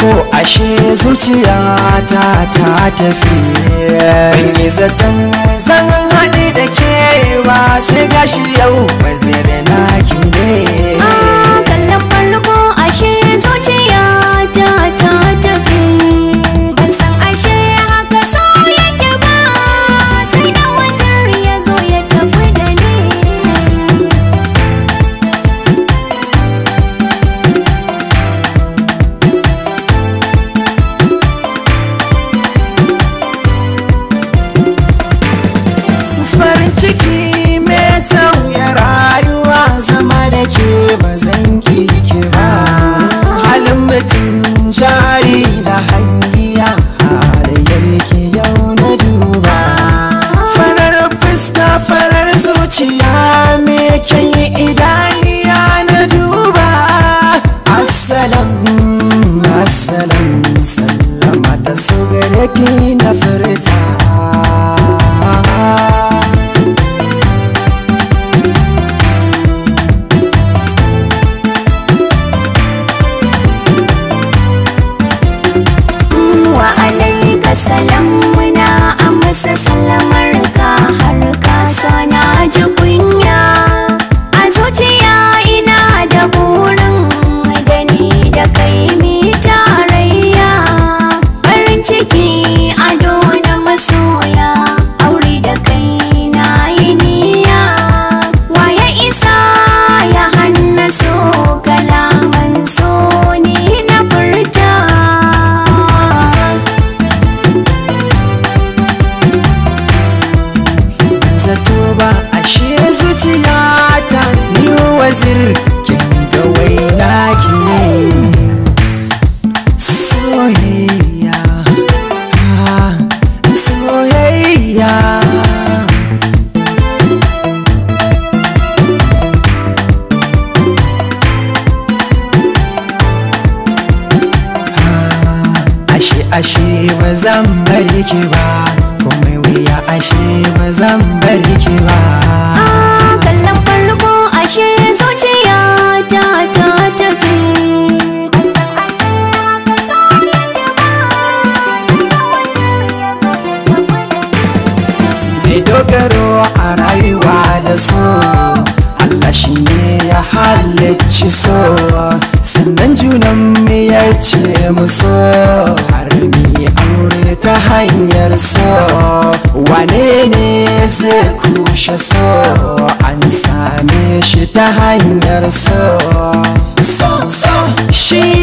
ko ashe zuciya ta ta tafi ban yi zaton zan haɗe da ke ba sai gashi yau ba salam a masa salamar ka har ka sana ji kunya wazir kinga ga waina ki ne soyayya ah, soyayya ah, ashe ashe ba zan bari ki ba komai wuya ashe ba zan bari ki ba a rayuwa da so Allah shi ne ya halicci so sannan junan mu ya ce mu so aure ta hanyar so wane ne zai kushe so an same shi ta hanyar so so so shi